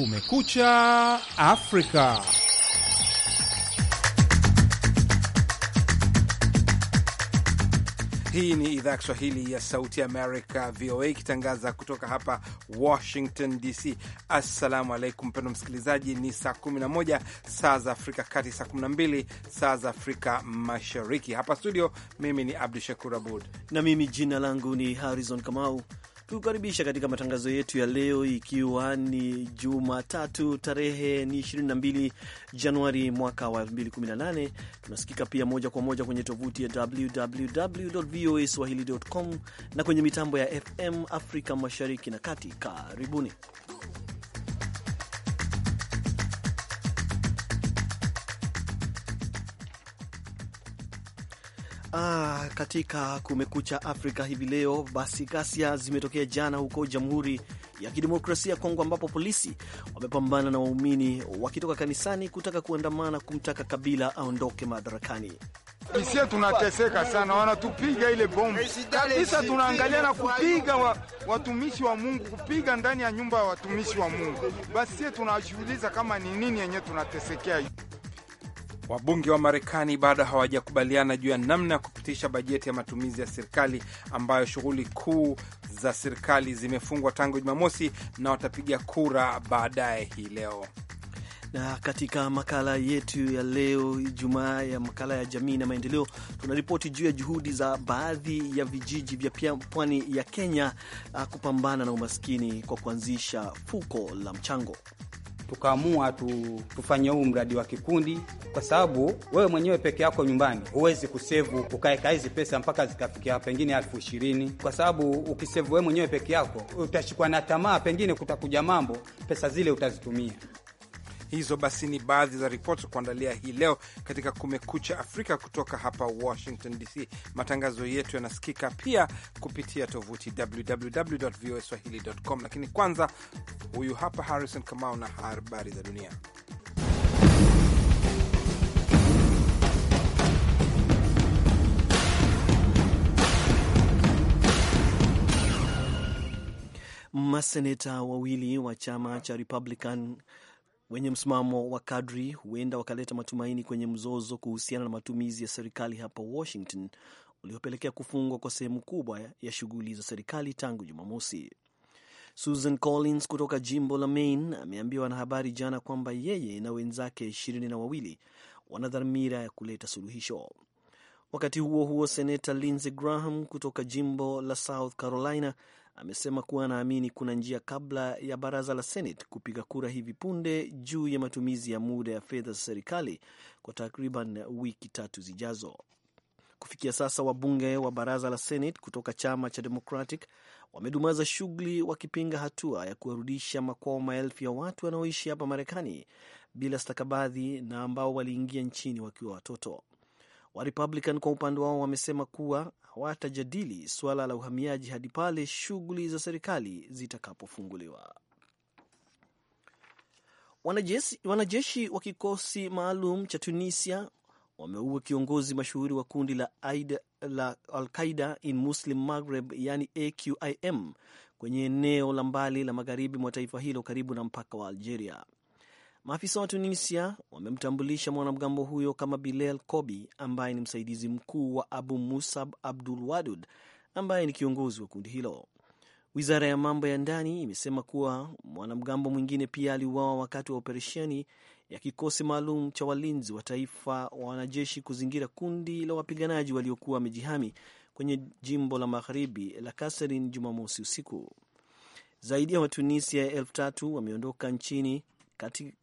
Kumekucha Afrika. Hii ni idhaa ya Kiswahili ya Sauti ya Amerika, VOA, ikitangaza kutoka hapa Washington DC. Assalamu alaikum, mpendo msikilizaji. Ni saa 11 saa za Afrika Kati, saa 12 saa za Afrika Mashariki. Hapa studio, mimi ni Abdu Shakur Abud na mimi jina langu ni Harrison Kamau tukukaribisha katika matangazo yetu ya leo, ikiwa ni Jumatatu tarehe ni 22 Januari mwaka wa 2018. Tunasikika pia moja kwa moja kwenye tovuti ya www voa swahili.com na kwenye mitambo ya FM Afrika mashariki na kati. Karibuni. Ah, katika Kumekucha Afrika hivi leo, basi ghasia zimetokea jana huko Jamhuri ya Kidemokrasia ya Kongo, ambapo polisi wamepambana na waumini wakitoka kanisani kutaka kuandamana kumtaka Kabila aondoke madarakani. Sisi tunateseka sana, wanatupiga ile bomu kabisa, tunaangalia na kupiga wa, watumishi wa Mungu, kupiga ndani ya nyumba ya watumishi wa Mungu. Basi sisi tunajiuliza kama ni nini yenye tunatesekea. Wabunge wa Marekani bado hawajakubaliana juu ya namna ya kupitisha bajeti ya matumizi ya serikali ambayo shughuli kuu za serikali zimefungwa tangu Jumamosi na watapiga kura baadaye hii leo. Na katika makala yetu ya leo Ijumaa ya makala ya jamii na maendeleo, tunaripoti juu ya juhudi za baadhi ya vijiji vya pwani ya Kenya ah, kupambana na umaskini kwa kuanzisha fuko la mchango tukaamua tu, tufanye huu mradi wa kikundi, kwa sababu wewe mwenyewe peke yako nyumbani huwezi kusevu ukaweka hizi pesa mpaka zikafikia pengine elfu ishirini kwa sababu ukisevu wewe mwenyewe peke yako utashikwa na tamaa, pengine kutakuja mambo, pesa zile utazitumia. Hizo basi ni baadhi za ripoti za kuandalia hii leo katika Kumekucha Afrika kutoka hapa Washington DC. Matangazo yetu yanasikika pia kupitia tovuti www voa swahili com, lakini kwanza, huyu hapa Harrison Kamau na habari za dunia. Maseneta wawili wa chama cha Republican wenye msimamo wa kadri huenda wakaleta matumaini kwenye mzozo kuhusiana na matumizi ya serikali hapa Washington uliopelekea kufungwa kwa sehemu kubwa ya shughuli za serikali tangu Jumamosi. Susan Collins kutoka jimbo la Maine ameambia wanahabari jana kwamba yeye na wenzake ishirini na wawili wana dhamira ya kuleta suluhisho. Wakati huo huo, seneta Lindsey Graham kutoka jimbo la South Carolina amesema kuwa anaamini kuna njia kabla ya baraza la Senate kupiga kura hivi punde juu ya matumizi ya muda ya fedha za serikali kwa takriban wiki tatu zijazo. Kufikia sasa wabunge wa baraza la Senate kutoka chama cha Democratic wamedumaza shughuli wakipinga hatua ya kuwarudisha makwao maelfu ya watu wanaoishi hapa Marekani bila stakabadhi na ambao waliingia nchini wakiwa watoto. Warepublican kwa upande wao wamesema kuwa watajadili suala la uhamiaji hadi pale shughuli za serikali zitakapofunguliwa. Wanajeshi, wanajeshi wa kikosi maalum cha Tunisia wameua kiongozi mashuhuri wa kundi la, la Al-Qaida in Muslim Maghreb yani AQIM kwenye eneo la mbali la magharibi mwa taifa hilo karibu na mpaka wa Algeria. Maafisa wa Tunisia wamemtambulisha mwanamgambo huyo kama Bilal Kobi ambaye ni msaidizi mkuu wa Abu Musab Abdul Wadud ambaye ni kiongozi wa kundi hilo. Wizara ya mambo ya ndani imesema kuwa mwanamgambo mwingine pia aliuawa wakati wa operesheni ya kikosi maalum cha walinzi wa taifa wa wanajeshi kuzingira kundi la wapiganaji waliokuwa wamejihami kwenye jimbo la magharibi la Kaserin Jumamosi usiku. Zaidi ya Watunisia elfu tatu wameondoka nchini kati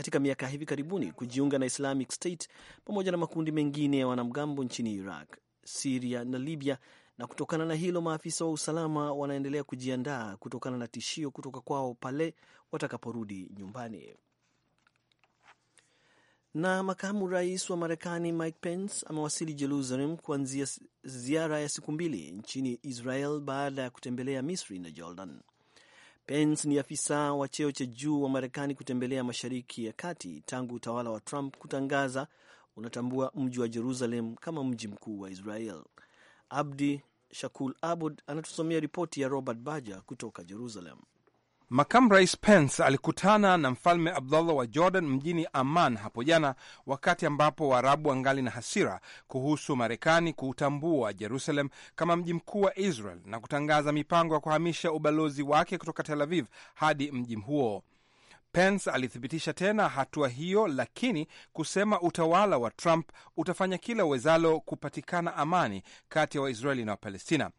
katika miaka hivi karibuni kujiunga na Islamic State pamoja na makundi mengine ya wanamgambo nchini Iraq, Siria na Libya, na kutokana na hilo maafisa wa usalama wanaendelea kujiandaa kutokana na tishio kutoka kwao pale watakaporudi nyumbani. Na makamu rais wa Marekani Mike Pence amewasili Jerusalem kuanzia ziara ya siku mbili nchini Israel baada ya kutembelea Misri na Jordan. Pence ni afisa wa cheo cha juu wa Marekani kutembelea Mashariki ya Kati tangu utawala wa Trump kutangaza unatambua mji wa Jerusalem kama mji mkuu wa Israel. Abdi Shakul Abud anatusomea ripoti ya Robert Baja kutoka Jerusalem. Makamu Rais Pence alikutana na Mfalme Abdullah wa Jordan mjini Amman hapo jana, wakati ambapo Waarabu wangali na hasira kuhusu Marekani kuutambua Jerusalem kama mji mkuu wa Israel na kutangaza mipango ya kuhamisha ubalozi wake kutoka Tel Aviv hadi mji huo. Pence alithibitisha tena hatua hiyo, lakini kusema utawala wa Trump utafanya kila uwezalo kupatikana amani kati ya Waisraeli na Wapalestina.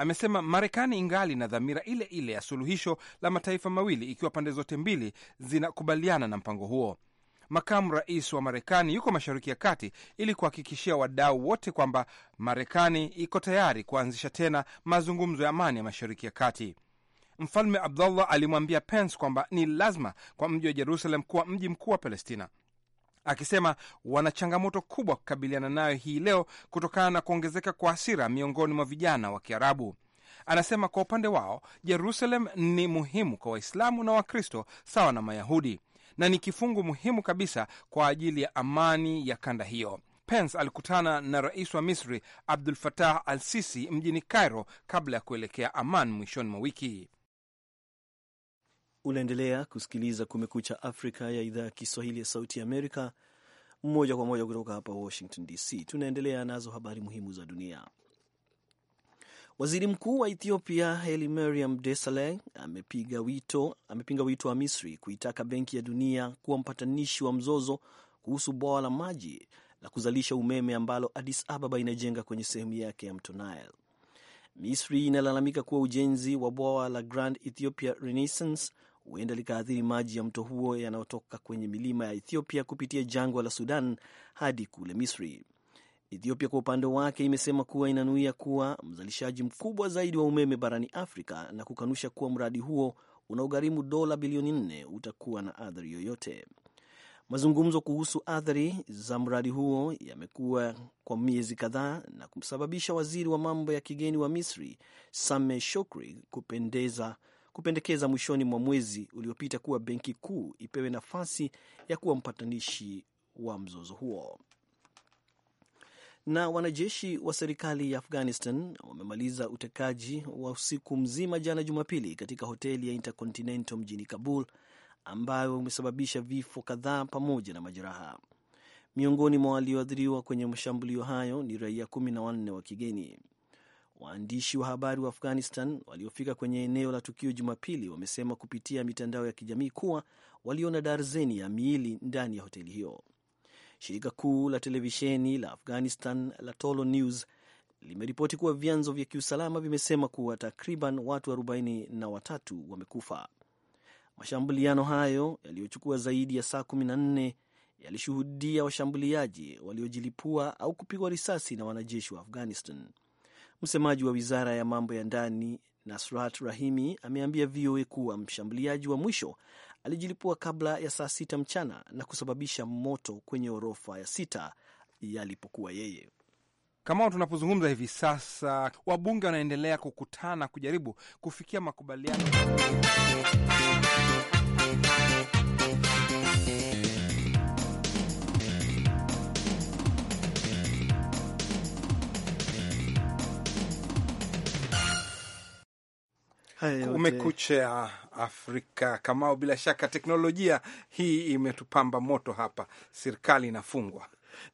Amesema Marekani ingali na dhamira ile ile ya suluhisho la mataifa mawili ikiwa pande zote mbili zinakubaliana na mpango huo. Makamu rais wa Marekani yuko Mashariki ya Kati ili kuhakikishia wadau wote kwamba Marekani iko tayari kuanzisha tena mazungumzo ya amani ya Mashariki ya Kati. Mfalme Abdullah alimwambia Pence kwamba ni lazima kwa mji wa Jerusalem kuwa mji mkuu wa Palestina akisema wana changamoto kubwa kukabiliana nayo hii leo kutokana na kuongezeka kwa hasira miongoni mwa vijana wa Kiarabu. Anasema kwa upande wao Jerusalem ni muhimu kwa Waislamu na Wakristo sawa na Mayahudi na ni kifungu muhimu kabisa kwa ajili ya amani ya kanda hiyo. Pence alikutana na rais wa Misri Abdul Fatah Al Sisi mjini Cairo kabla ya kuelekea aman mwishoni mwa wiki. Unaendelea kusikiliza Kumekucha Afrika ya idhaa ya Kiswahili ya Sauti ya Amerika, moja kwa moja kutoka hapa Washington DC. Tunaendelea nazo habari muhimu za dunia. Waziri Mkuu wa Ethiopia Heli Mariam Desalegn amepinga wito, amepinga wito wa Misri kuitaka Benki ya Dunia kuwa mpatanishi wa mzozo kuhusu bwawa la maji la kuzalisha umeme ambalo Addis Ababa inajenga kwenye sehemu yake ya mto Nile. Misri inalalamika kuwa ujenzi wa bwawa la Grand Ethiopia Renaissance huenda likaathiri maji ya mto huo yanayotoka kwenye milima ya Ethiopia kupitia jangwa la Sudan hadi kule Misri. Ethiopia kwa upande wake imesema kuwa inanuia kuwa mzalishaji mkubwa zaidi wa umeme barani Afrika na kukanusha kuwa mradi huo unaogharimu dola bilioni nne utakuwa na athari yoyote. Mazungumzo kuhusu athari za mradi huo yamekuwa kwa miezi kadhaa na kumsababisha waziri wa mambo ya kigeni wa Misri Sameh Shukri kupendeza kupendekeza mwishoni mwa mwezi uliopita kuwa benki kuu ipewe nafasi ya kuwa mpatanishi wa mzozo huo. Na wanajeshi wa serikali ya Afghanistan wamemaliza utekaji wa usiku mzima jana Jumapili katika hoteli ya Intercontinental mjini Kabul, ambayo umesababisha vifo kadhaa pamoja na majeraha. Miongoni mwa walioathiriwa kwenye mashambulio hayo ni raia kumi na wanne wa kigeni. Waandishi wa habari wa Afghanistan waliofika kwenye eneo la tukio Jumapili wamesema kupitia mitandao ya kijamii kuwa waliona darzeni ya miili ndani ya hoteli hiyo. Shirika kuu la televisheni la Afghanistan la Tolo News limeripoti kuwa vyanzo vya kiusalama vimesema kuwa takriban watu arobaini na watatu wamekufa. Mashambuliano hayo yaliyochukua zaidi ya saa kumi na nne yalishuhudia washambuliaji waliojilipua au kupigwa risasi na wanajeshi wa Afghanistan. Msemaji wa wizara ya mambo ya ndani Nasrat Rahimi ameambia VOA kuwa mshambuliaji wa mwisho alijilipua kabla ya saa sita mchana na kusababisha moto kwenye orofa ya sita yalipokuwa yeye. Kama tunapozungumza hivi sasa, wabunge wanaendelea kukutana kujaribu kufikia makubaliano Kumekucha Afrika Kamao, bila shaka teknolojia hii imetupamba moto hapa, serikali inafungwa.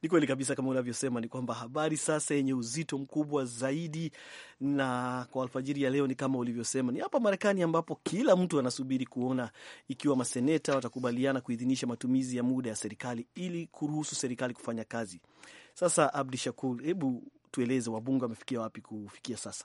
Ni kweli kabisa, kama unavyosema ni kwamba habari sasa yenye uzito mkubwa zaidi na kwa alfajiri ya leo ni kama ulivyosema, ni hapa Marekani ambapo kila mtu anasubiri kuona ikiwa maseneta watakubaliana kuidhinisha matumizi ya muda ya serikali ili kuruhusu serikali kufanya kazi. Sasa Abdi Shakur, hebu tueleze wabunge wamefikia wapi kufikia sasa?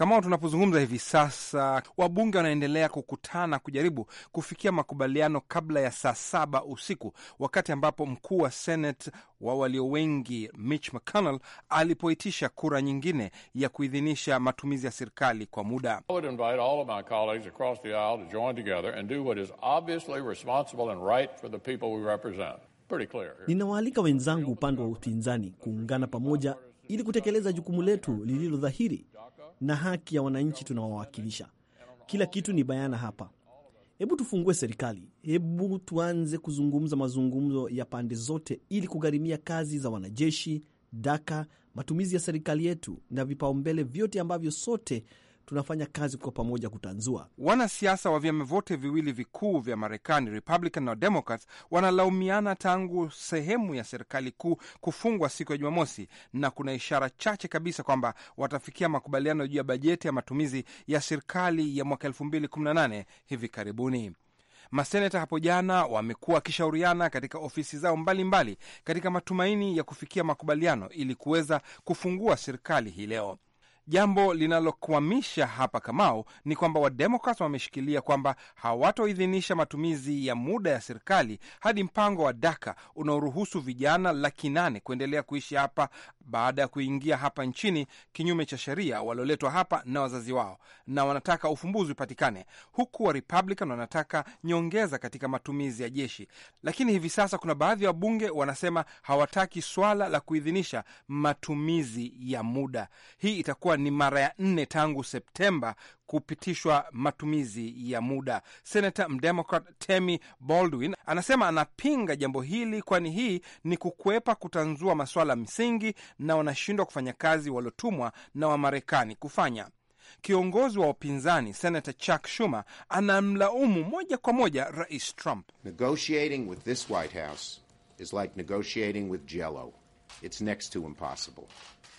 Kama tunapozungumza hivi sasa, wabunge wanaendelea kukutana kujaribu kufikia makubaliano kabla ya saa saba usiku, wakati ambapo mkuu wa Senate wa walio wengi Mitch McConnell alipoitisha kura nyingine ya kuidhinisha matumizi ya serikali kwa muda. Ninawaalika wenzangu upande wa upinzani kuungana pamoja ili kutekeleza jukumu letu lililo dhahiri na haki ya wananchi tunawawakilisha. Kila kitu ni bayana hapa. Hebu tufungue serikali, hebu tuanze kuzungumza mazungumzo ya pande zote ili kugharimia kazi za wanajeshi, daka, matumizi ya serikali yetu na vipaumbele vyote ambavyo sote tunafanya kazi kwa pamoja kutanzua. Wanasiasa wa vyama vyote viwili vikuu vya Marekani, Republican na Democrats, wanalaumiana tangu sehemu ya serikali kuu kufungwa siku ya Jumamosi, na kuna ishara chache kabisa kwamba watafikia makubaliano juu ya bajeti ya matumizi ya serikali ya mwaka 2018 hivi karibuni. Maseneta hapo jana wamekuwa wakishauriana katika ofisi zao mbalimbali mbali, katika matumaini ya kufikia makubaliano ili kuweza kufungua serikali hii leo. Jambo linalokwamisha hapa Kamau ni kwamba Wademokrat wameshikilia kwamba hawatoidhinisha matumizi ya muda ya serikali hadi mpango wa Daka unaoruhusu vijana laki nane kuendelea kuishi hapa baada ya kuingia hapa nchini kinyume cha sheria, walioletwa hapa na wazazi wao, na wanataka ufumbuzi upatikane, huku wa Republican wanataka nyongeza katika matumizi ya jeshi. Lakini hivi sasa kuna baadhi ya wabunge wanasema hawataki swala la kuidhinisha matumizi ya muda. Hii itakuwa ni mara ya nne tangu Septemba kupitishwa matumizi ya muda. Senata mdemokrat Tammy Baldwin anasema anapinga jambo hili, kwani hii ni kukwepa kutanzua masuala msingi na wanashindwa kufanya kazi waliotumwa na Wamarekani kufanya. Kiongozi wa upinzani Senata Chuck Schumer anamlaumu moja kwa moja Rais Trump. Negotiating with this White House is like negotiating with Jello. It's next to impossible.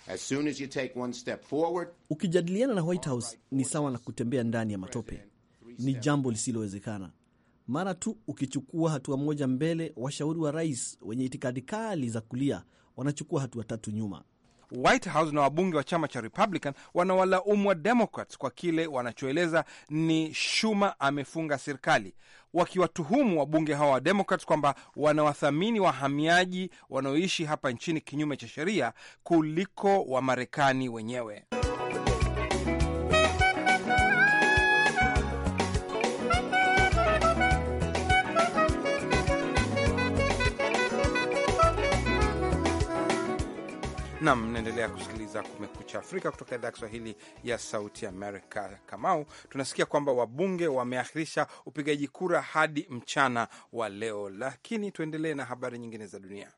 As soon as you take one step forward, ukijadiliana na White House ni sawa na kutembea ndani ya matope, ni jambo lisilowezekana. Mara tu ukichukua hatua moja mbele, washauri wa rais wenye itikadi kali za kulia wanachukua hatua tatu nyuma. White House na wabunge wa chama cha Republican wanawalaumu wa Democrats kwa kile wanachoeleza ni shuma amefunga serikali, wakiwatuhumu wabunge hawa wa Democrats kwamba wanawathamini wahamiaji wanaoishi hapa nchini kinyume cha sheria kuliko Wamarekani wenyewe. Nam, mnaendelea kusikiliza Kumekucha Afrika kutoka idhaa ya Kiswahili ya Sauti Amerika. Kamau, tunasikia kwamba wabunge wameahirisha upigaji kura hadi mchana wa leo, lakini tuendelee na habari nyingine za dunia.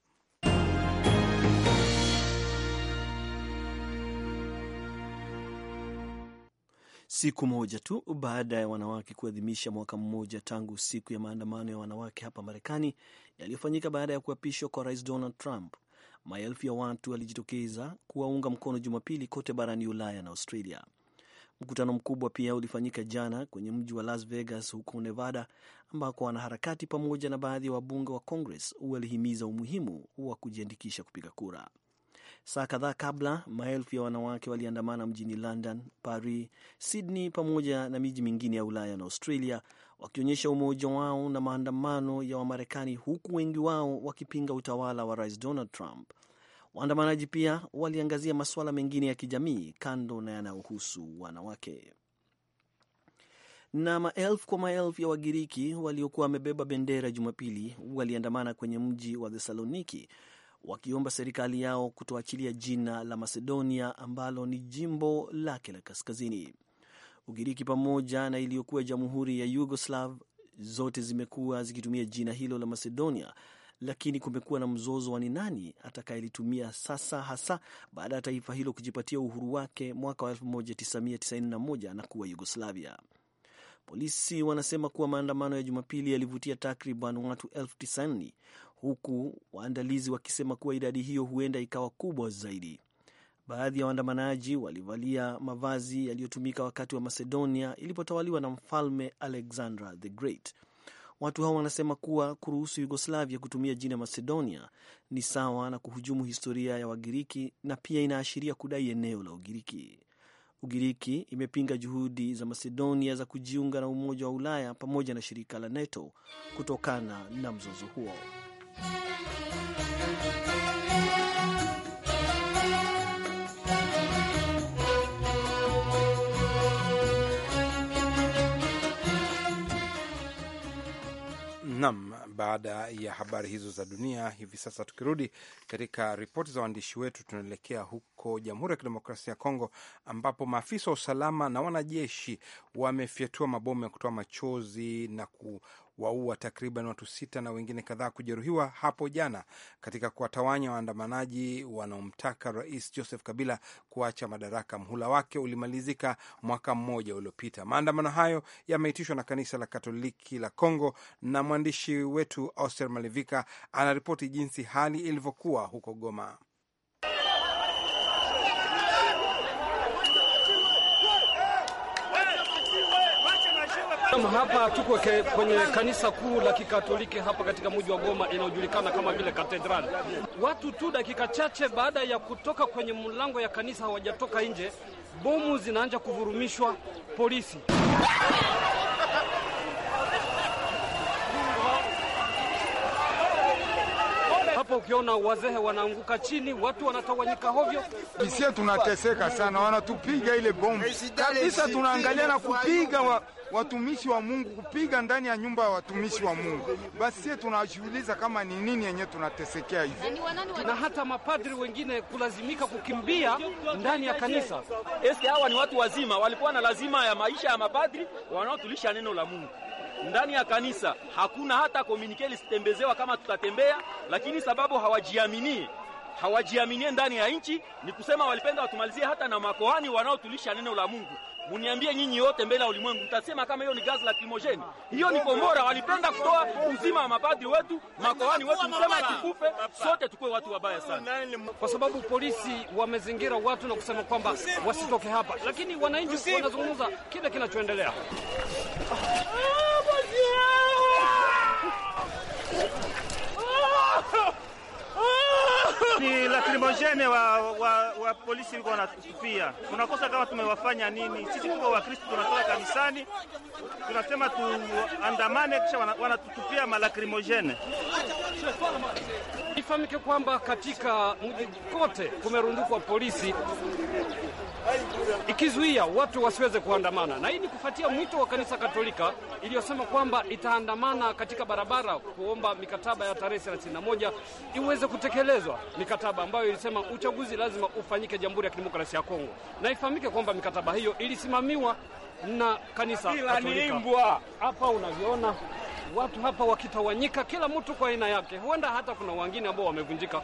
Siku moja tu baada ya wanawake kuadhimisha mwaka mmoja tangu siku ya maandamano ya wanawake hapa Marekani yaliyofanyika baada ya kuapishwa kwa Rais Donald Trump, maelfu ya watu walijitokeza kuwaunga mkono Jumapili kote barani Ulaya na Australia. Mkutano mkubwa pia ulifanyika jana kwenye mji wa Las Vegas huko Nevada, ambako wanaharakati pamoja na baadhi ya wabunge wa Congress walihimiza umuhimu wa kujiandikisha kupiga kura. Saa kadhaa kabla, maelfu ya wanawake waliandamana mjini London, Paris, Sydney pamoja na miji mingine ya Ulaya na Australia wakionyesha umoja wao na maandamano ya Wamarekani, huku wengi wao wakipinga utawala wa Rais Donald Trump. Waandamanaji pia waliangazia masuala mengine ya kijamii kando na yanayohusu wanawake na maelfu kwa maelfu ya Wagiriki waliokuwa wamebeba bendera Jumapili waliandamana kwenye mji wa Thessaloniki wakiomba serikali yao kutoachilia jina la Macedonia ambalo ni jimbo lake la kaskazini. Ugiriki pamoja na iliyokuwa jamhuri ya Yugoslav zote zimekuwa zikitumia jina hilo la Macedonia, lakini kumekuwa na mzozo wa ni nani atakayelitumia sasa, hasa baada ya taifa hilo kujipatia uhuru wake mwaka wa 1991 na kuwa Yugoslavia. Polisi wanasema kuwa maandamano ya Jumapili yalivutia takriban watu elfu tisini huku waandalizi wakisema kuwa idadi hiyo huenda ikawa kubwa zaidi. Baadhi ya waandamanaji walivalia mavazi yaliyotumika wakati wa Macedonia ilipotawaliwa na mfalme Alexander the Great. Watu hao wanasema kuwa kuruhusu Yugoslavia kutumia jina Macedonia ni sawa na kuhujumu historia ya Wagiriki na pia inaashiria kudai eneo la Ugiriki. Ugiriki imepinga juhudi za Macedonia za kujiunga na Umoja wa Ulaya pamoja na shirika la NATO kutokana na mzozo huo. Nam, baada ya habari hizo za dunia, hivi sasa tukirudi katika ripoti za waandishi wetu, tunaelekea huko Jamhuri ya Kidemokrasia ya Kongo ambapo maafisa wa usalama na wanajeshi wamefyatua mabomu ya kutoa machozi na ku waua takriban watu sita na wengine kadhaa kujeruhiwa hapo jana katika kuwatawanya waandamanaji wanaomtaka Rais Joseph Kabila kuacha madaraka. Mhula wake ulimalizika mwaka mmoja uliopita. Maandamano hayo yameitishwa na kanisa la Katoliki la congo na mwandishi wetu Auster Malivika anaripoti jinsi hali ilivyokuwa huko Goma. Hapa tuko ke, kwenye kanisa kuu la Kikatoliki hapa katika mji wa Goma inayojulikana kama vile Katedrali. Watu tu dakika chache baada ya kutoka kwenye mlango ya kanisa hawajatoka nje, bomu zinaanza kuvurumishwa polisi hapa ukiona wazee wanaanguka chini, watu wanatawanyika hovyo. Sisi tunateseka sana, wanatupiga ile bomu kabisa, tunaangalia na kupiga wa watumishi wa Mungu kupiga ndani ya nyumba ya watumishi wa Mungu. Basi sie tunajiuliza kama ni nini yenyewe tunatesekea hivi, na hata mapadri wengine kulazimika kukimbia ndani ya kanisa. Eske hawa ni watu wazima walikuwa na lazima ya maisha ya mapadri wanaotulisha neno la Mungu? ndani ya kanisa hakuna hata komunike lisitembezewa kama tutatembea, lakini sababu hawajiaminie hawajiaminie ndani ya nchi, ni kusema walipenda watumalizie hata na makohani wanaotulisha neno la Mungu. Muniambie nyinyi yote mbele ya ulimwengu, mtasema kama hiyo ni gazi la krimojeni, hiyo ni komora. Walipenda kutoa uzima wa mapadri wetu, makohani wetu, msema tukufe sote, tukuwe watu wabaya sana, kwa sababu polisi wamezingira watu na kusema kwamba wasitoke hapa, lakini wananchi wanazungumza kile kinachoendelea. ni lakrimojene wa, wa, wa polisi walikuwa wanatupia. Tunakosa kama tumewafanya nini? Sisi tuko Wakristo, tunatoka kanisani, tunasema tuandamane, kisha wanatutupia malakrimogene Ifahamike kwamba katika mji kote kumerundikwa polisi ikizuia watu wasiweze kuandamana, na hii ni kufuatia mwito wa kanisa Katolika iliyosema kwamba itaandamana katika barabara kuomba mikataba ya tarehe 31 iweze kutekelezwa, mikataba ambayo ilisema uchaguzi lazima ufanyike Jamhuri ya Kidemokrasia ya Kongo. Na ifahamike kwamba mikataba hiyo ilisimamiwa na kanisa Katolika. Hapa unavyoona watu hapa wakitawanyika, kila mtu kwa aina yake, huenda hata kuna wengine ambao wamevunjika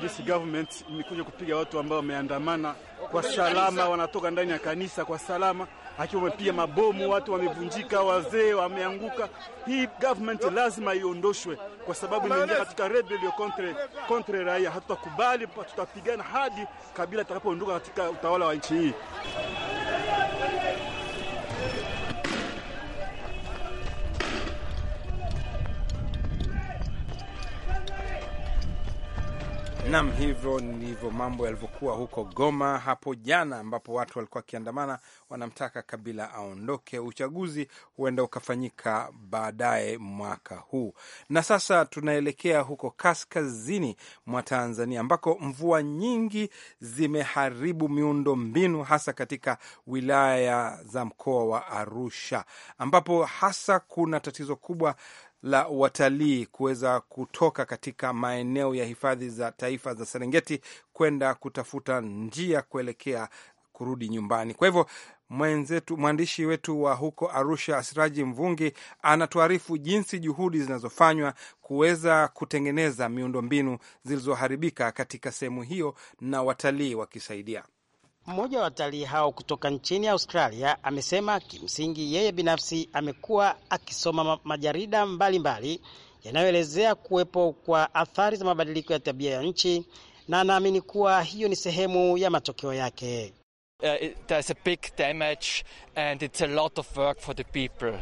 Jinsi government imekuja kupiga watu ambao wameandamana kwa salama, wanatoka ndani ya kanisa kwa salama, akiwa wamepiga mabomu, watu wamevunjika, wazee wameanguka. Hii government lazima iondoshwe, kwa sababu inaingia katika rebellion contre contre raia. Hatutakubali, tutapigana hadi kabila atakapoondoka katika utawala wa nchi hii. Nam, hivyo ndivyo mambo yalivyokuwa huko Goma hapo jana, ambapo watu walikuwa wakiandamana, wanamtaka Kabila aondoke. Uchaguzi huenda ukafanyika baadaye mwaka huu. Na sasa tunaelekea huko kaskazini mwa Tanzania, ambako mvua nyingi zimeharibu miundo mbinu, hasa katika wilaya za mkoa wa Arusha, ambapo hasa kuna tatizo kubwa la watalii kuweza kutoka katika maeneo ya hifadhi za taifa za Serengeti kwenda kutafuta njia kuelekea kurudi nyumbani. Kwa hivyo mwenzetu, mwandishi wetu wa huko Arusha, Asiraji Mvungi, anatuarifu jinsi juhudi zinazofanywa kuweza kutengeneza miundombinu zilizoharibika katika sehemu hiyo na watalii wakisaidia. Mmoja wa watalii hao kutoka nchini Australia amesema kimsingi yeye binafsi amekuwa akisoma majarida mbalimbali yanayoelezea kuwepo kwa athari za mabadiliko ya tabia ya nchi na anaamini kuwa hiyo ni sehemu ya matokeo yake. Uh, it, there's a big damage and it's a lot of work for the people.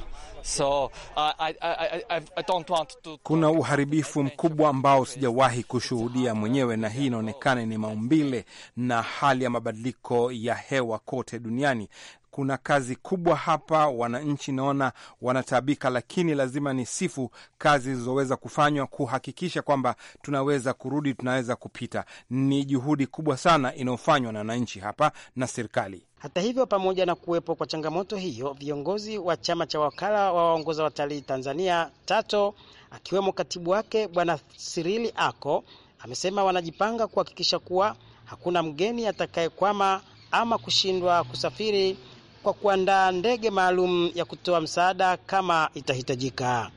So, uh, I, I, I I don't want to... Kuna uharibifu mkubwa ambao sijawahi kushuhudia mwenyewe, na hii inaonekana ni maumbile na hali ya mabadiliko ya hewa kote duniani kuna kazi kubwa hapa, wananchi naona wanataabika, lakini lazima ni sifu kazi zilizoweza kufanywa kuhakikisha kwamba tunaweza kurudi, tunaweza kupita. Ni juhudi kubwa sana inayofanywa na wananchi hapa na serikali. Hata hivyo, pamoja na kuwepo kwa changamoto hiyo, viongozi wa chama cha wakala wa waongoza watalii Tanzania TATO akiwemo katibu wake Bwana Sirili Ako amesema wanajipanga kuhakikisha kuwa hakuna mgeni atakayekwama ama kushindwa kusafiri kwa kuandaa ndege maalum ya kutoa msaada kama itahitajika.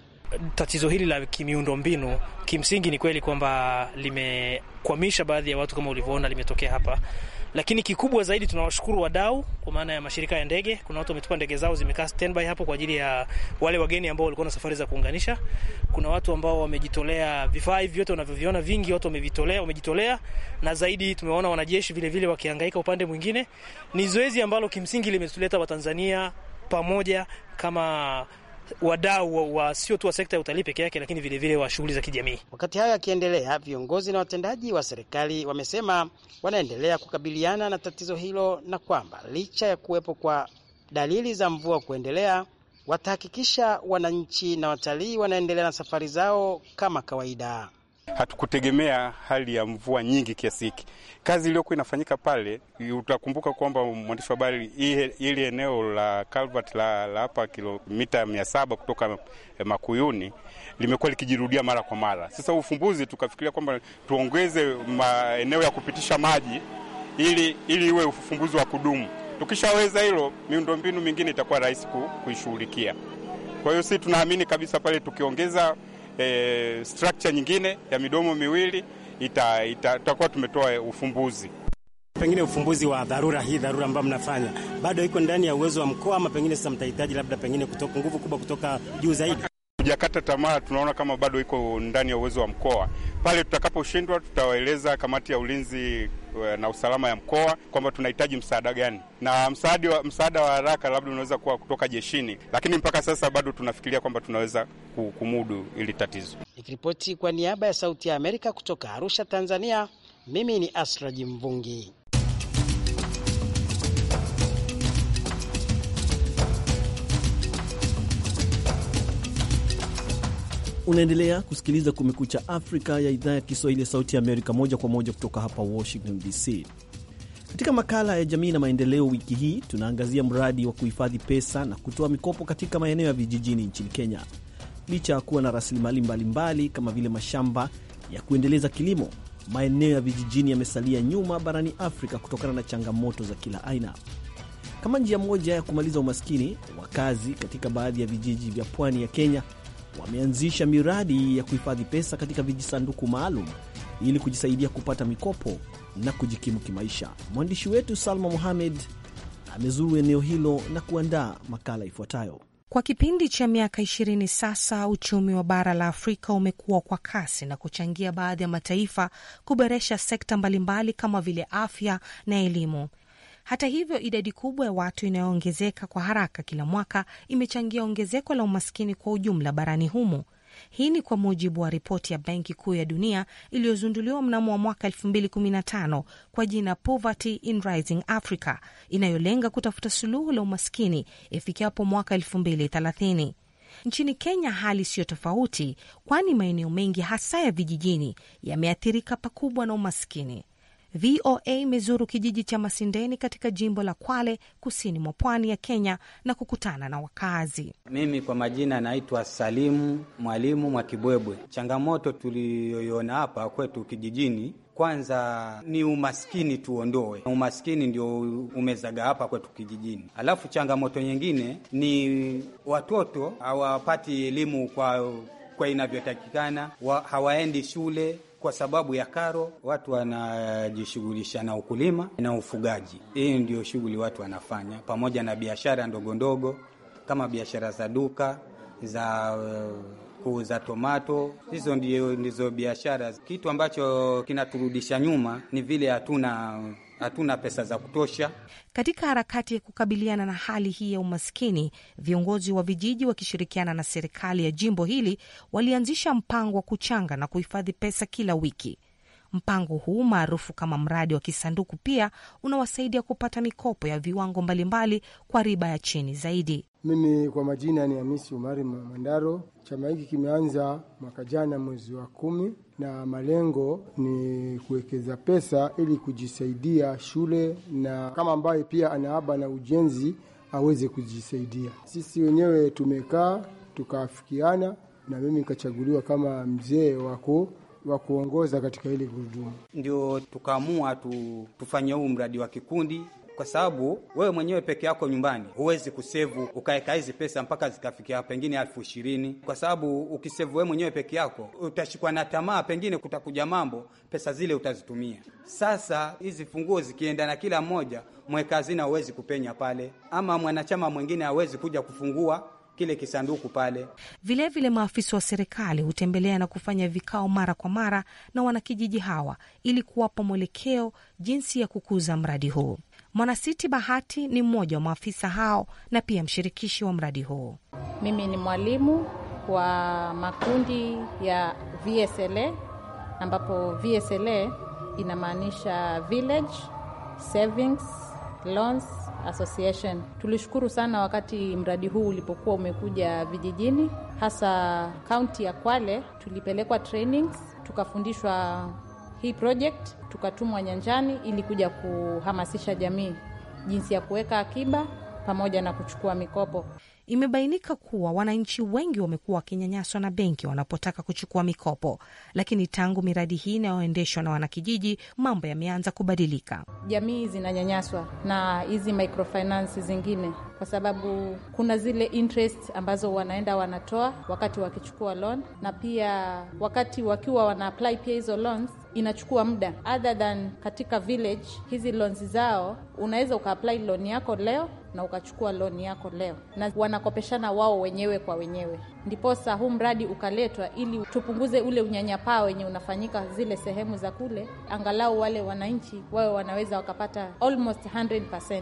Tatizo hili la kimiundo mbinu kimsingi ni kweli kwamba limekwamisha baadhi ya watu, kama ulivyoona limetokea hapa lakini kikubwa zaidi tunawashukuru wadau kwa maana ya mashirika ya ndege. Kuna watu wametupa ndege zao zimekaa standby hapo kwa ajili ya wale wageni ambao walikuwa na safari za kuunganisha. Kuna watu ambao wamejitolea, vifaa hivi vyote unavyoviona vingi, watu wamevitolea, wamejitolea, na zaidi tumewaona wanajeshi vile vile wakihangaika upande mwingine. Ni zoezi ambalo kimsingi limetuleta Watanzania pamoja kama wadau wa sio tu wa sekta ya utalii peke yake, lakini vilevile wa shughuli za kijamii. Wakati hayo yakiendelea, viongozi na watendaji wa serikali wamesema wanaendelea kukabiliana na tatizo hilo na kwamba licha ya kuwepo kwa dalili za mvua kuendelea watahakikisha wananchi na watalii wanaendelea na safari zao kama kawaida. Hatukutegemea hali ya mvua nyingi kiasi hiki. Kazi iliyokuwa inafanyika pale, utakumbuka kwamba mwandishi wa habari, ili eneo la Calvert la hapa kilomita mia saba kutoka Makuyuni limekuwa likijirudia mara kwa mara. Sasa ufumbuzi, tukafikiria kwamba tuongeze maeneo ya kupitisha maji ili ili iwe ufumbuzi wa kudumu. Tukishaweza hilo, miundombinu mingine itakuwa rahisi kuishughulikia. Kwa hiyo si tunaamini kabisa pale tukiongeza e, structure nyingine ya midomo miwili itakuwa ita, ita tumetoa ufumbuzi pengine ufumbuzi wa dharura hii dharura ambayo mnafanya bado iko ndani ya uwezo wa mkoa, ama pengine sasa mtahitaji labda pengine kutoka nguvu kubwa kutoka juu zaidi. hujakata tamaa, tunaona kama bado iko ndani ya uwezo wa mkoa. Pale tutakaposhindwa, tutawaeleza kamati ya ulinzi Eh, na usalama ya mkoa kwamba tunahitaji msaada gani, na msaada wa, msaada wa haraka labda unaweza kuwa kutoka jeshini, lakini mpaka sasa bado tunafikiria kwamba tunaweza kumudu ili tatizo. Nikiripoti kwa niaba ya Sauti ya Amerika kutoka Arusha, Tanzania, mimi ni Asraji Mvungi. Unaendelea kusikiliza Kumekucha Afrika ya idhaa ya Kiswahili ya Sauti ya Amerika, moja kwa moja kutoka hapa Washington DC. Katika makala ya jamii na maendeleo, wiki hii tunaangazia mradi wa kuhifadhi pesa na kutoa mikopo katika maeneo ya vijijini nchini Kenya. Licha ya kuwa na rasilimali mbalimbali kama vile mashamba ya kuendeleza kilimo, maeneo ya vijijini yamesalia nyuma barani Afrika kutokana na changamoto za kila aina. Kama njia moja ya kumaliza umaskini, wakazi katika baadhi ya vijiji vya pwani ya Kenya wameanzisha miradi ya kuhifadhi pesa katika vijisanduku maalum ili kujisaidia kupata mikopo na kujikimu kimaisha. Mwandishi wetu Salma Mohamed amezuru eneo hilo na kuandaa makala ifuatayo. Kwa kipindi cha miaka ishirini sasa, uchumi wa bara la Afrika umekuwa kwa kasi na kuchangia baadhi ya mataifa kuboresha sekta mbalimbali kama vile afya na elimu. Hata hivyo, idadi kubwa ya watu inayoongezeka kwa haraka kila mwaka imechangia ongezeko la umaskini kwa ujumla barani humo. Hii ni kwa mujibu wa ripoti ya Benki Kuu ya Dunia iliyozunduliwa mnamo wa mwaka 2015 kwa jina Poverty in Rising Africa, inayolenga kutafuta suluhu la umaskini ifikapo mwaka 2030. Nchini Kenya hali siyo tofauti, kwani maeneo mengi hasa ya vijijini yameathirika pakubwa na umaskini. VOA imezuru kijiji cha Masindeni katika jimbo la Kwale, kusini mwa pwani ya Kenya, na kukutana na wakazi. Mimi kwa majina naitwa Salimu Mwalimu Mwakibwebwe. Changamoto tuliyoiona hapa kwetu kijijini kwanza ni umaskini, tuondoe umaskini, ndio umezaga hapa kwetu kijijini. Alafu changamoto nyingine ni watoto hawapati elimu kwa kwa inavyotakikana, hawaendi shule kwa sababu ya karo, watu wanajishughulisha na ukulima na ufugaji. Hii ndio shughuli watu wanafanya, pamoja na biashara ndogo ndogo kama biashara za duka za uh, kuuza tomato. Hizo ndizo biashara. Kitu ambacho kinaturudisha nyuma ni vile hatuna hatuna pesa za kutosha. Katika harakati ya kukabiliana na hali hii ya umaskini, viongozi wa vijiji wakishirikiana na serikali ya jimbo hili walianzisha mpango wa kuchanga na kuhifadhi pesa kila wiki. Mpango huu maarufu kama mradi wa kisanduku pia unawasaidia kupata mikopo ya viwango mbalimbali kwa riba ya chini zaidi. Mimi kwa majina ni Hamisi Umari Mandaro. Chama hiki kimeanza mwaka jana mwezi wa kumi na malengo ni kuwekeza pesa ili kujisaidia shule, na kama ambaye pia anaaba na ujenzi aweze kujisaidia. Sisi wenyewe tumekaa tukaafikiana, na mimi nikachaguliwa kama mzee wako wa kuongoza katika hili gurudumu, ndio tukaamua tu, tufanye huu mradi wa kikundi kwa sababu wewe mwenyewe peke yako nyumbani huwezi kusevu ukaweka hizi pesa mpaka zikafikia pengine elfu ishirini kwa sababu ukisevu wewe mwenyewe peke yako utashikwa na tamaa, pengine kutakuja mambo, pesa zile utazitumia. Sasa hizi funguo zikienda na kila mmoja, mweka hazina huwezi kupenya pale, ama mwanachama mwingine hawezi kuja kufungua kile kisanduku pale. Vilevile, maafisa wa serikali hutembelea na kufanya vikao mara kwa mara na wanakijiji hawa ili kuwapa mwelekeo jinsi ya kukuza mradi huu. Mwanasiti Bahati ni mmoja wa maafisa hao na pia mshirikishi wa mradi huu Mimi ni mwalimu wa makundi ya VSLA ambapo VSLA inamaanisha Village Savings Loans Association. Tulishukuru sana wakati mradi huu ulipokuwa umekuja vijijini, hasa kaunti ya Kwale. Tulipelekwa trainings tukafundishwa hii project tukatumwa nyanjani ili kuja kuhamasisha jamii jinsi ya kuweka akiba pamoja na kuchukua mikopo imebainika kuwa wananchi wengi wamekuwa wakinyanyaswa na benki wanapotaka kuchukua mikopo, lakini tangu miradi hii inayoendeshwa na wanakijiji, mambo yameanza kubadilika. Jamii zinanyanyaswa na hizi microfinance zingine, kwa sababu kuna zile interest ambazo wanaenda wanatoa wakati wakichukua loan, na pia wakati wakiwa wana apply pia hizo loans inachukua muda other than katika village. Hizi loans zao unaweza ukaapply loan yako leo na ukachukua loan yako leo na wana wanakopeshana wao wenyewe kwa wenyewe. Ndiposa huu mradi ukaletwa ili tupunguze ule unyanyapaa wenye unafanyika zile sehemu za kule, angalau wale wananchi wawe wanaweza wakapata almost 100%.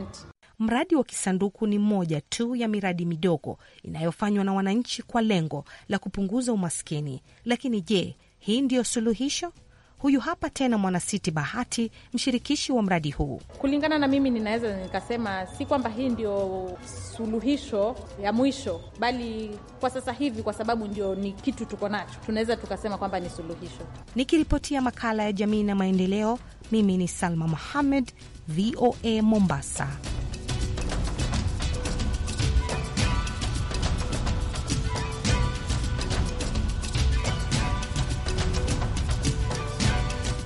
Mradi wa kisanduku ni mmoja tu ya miradi midogo inayofanywa na wananchi kwa lengo la kupunguza umaskini. Lakini je, hii ndiyo suluhisho? Huyu hapa tena Mwanasiti Bahati, mshirikishi wa mradi huu. Kulingana na mimi, ninaweza nikasema si kwamba hii ndio suluhisho ya mwisho, bali kwa sasa hivi, kwa sababu ndio ni kitu tuko nacho, tunaweza tukasema kwamba ni suluhisho. Nikiripotia makala ya jamii na maendeleo, mimi ni Salma Mohamed, VOA Mombasa.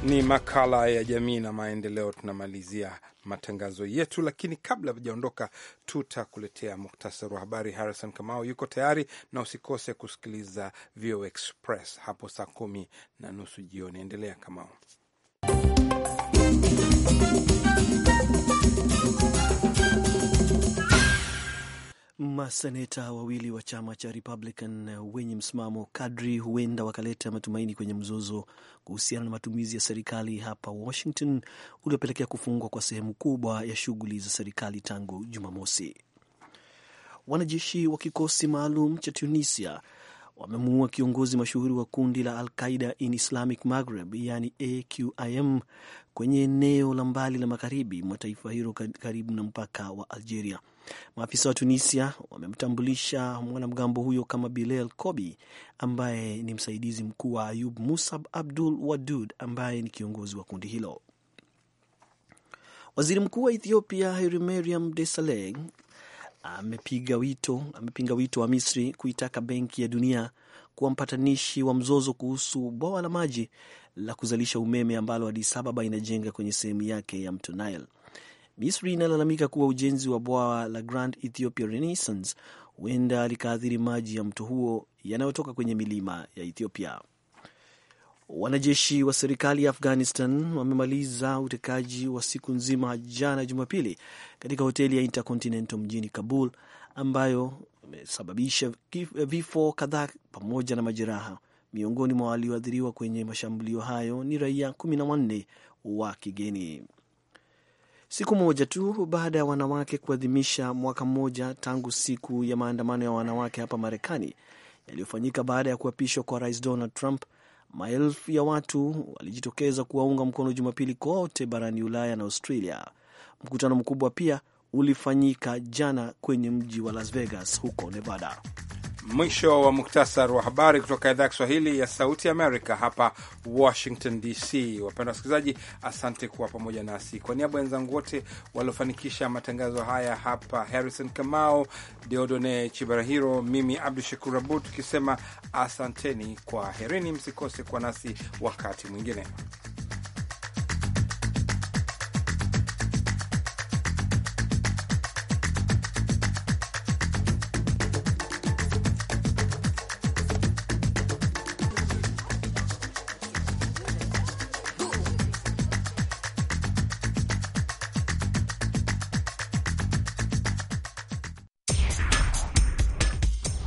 Ni makala ya jamii na maendeleo, tunamalizia matangazo yetu, lakini kabla hajaondoka, tutakuletea muktasari wa habari. Harrison Kamau yuko tayari, na usikose kusikiliza VO Express hapo saa kumi na nusu jioni. Endelea Kamau. Maseneta wawili wa chama cha Republican wenye msimamo kadri huenda wakaleta matumaini kwenye mzozo kuhusiana na matumizi ya serikali hapa Washington, uliopelekea kufungwa kwa sehemu kubwa ya shughuli za serikali tangu Jumamosi. Wanajeshi wa kikosi maalum cha Tunisia wamemuua kiongozi mashuhuri wa kundi la Al-Qaida in Islamic Maghreb, yani AQIM, kwenye eneo la mbali la magharibi mwa taifa hilo karibu na mpaka wa Algeria. Maafisa wa Tunisia wamemtambulisha mwanamgambo huyo kama Bilel Kobi ambaye ni msaidizi mkuu wa Ayub Musab Abdul Wadud ambaye ni kiongozi wa kundi hilo. Waziri Mkuu wa Ethiopia Hairy de Desalegn amepinga wito, amepinga wito wa Misri kuitaka Benki ya Dunia kuwa mpatanishi wa mzozo kuhusu bwawa la maji la kuzalisha umeme ambalo Addis Ababa inajenga kwenye sehemu yake ya mto Nile. Misri inalalamika kuwa ujenzi wa bwawa la Grand Ethiopia Renaissance huenda likaathiri maji ya mto huo yanayotoka kwenye milima ya Ethiopia. Wanajeshi wa serikali ya Afghanistan wamemaliza utekaji wa siku nzima jana Jumapili katika hoteli ya Intercontinental mjini Kabul, ambayo imesababisha vifo kadhaa pamoja na majeraha. Miongoni mwa walioathiriwa kwenye mashambulio hayo ni raia kumi na wanne wa kigeni siku moja tu baada ya wanawake kuadhimisha mwaka mmoja tangu siku ya maandamano ya wanawake hapa Marekani yaliyofanyika baada ya kuapishwa kwa Rais Donald Trump. Maelfu ya watu walijitokeza kuwaunga mkono Jumapili kote barani Ulaya na Australia. Mkutano mkubwa pia ulifanyika jana kwenye mji wa Las Vegas huko Nevada. Mwisho wa muktasar wa habari kutoka idhaa ya Kiswahili ya Sauti Amerika hapa Washington DC. wapenda wasikilizaji, asante kuwa pamoja nasi. Kwa niaba ya wenzangu wote waliofanikisha matangazo haya hapa, Harrison Kamau, Deodone Chibarahiro, mimi Abdu Shakur Abud, tukisema asanteni, kwa herini, msikose kuwa nasi wakati mwingine.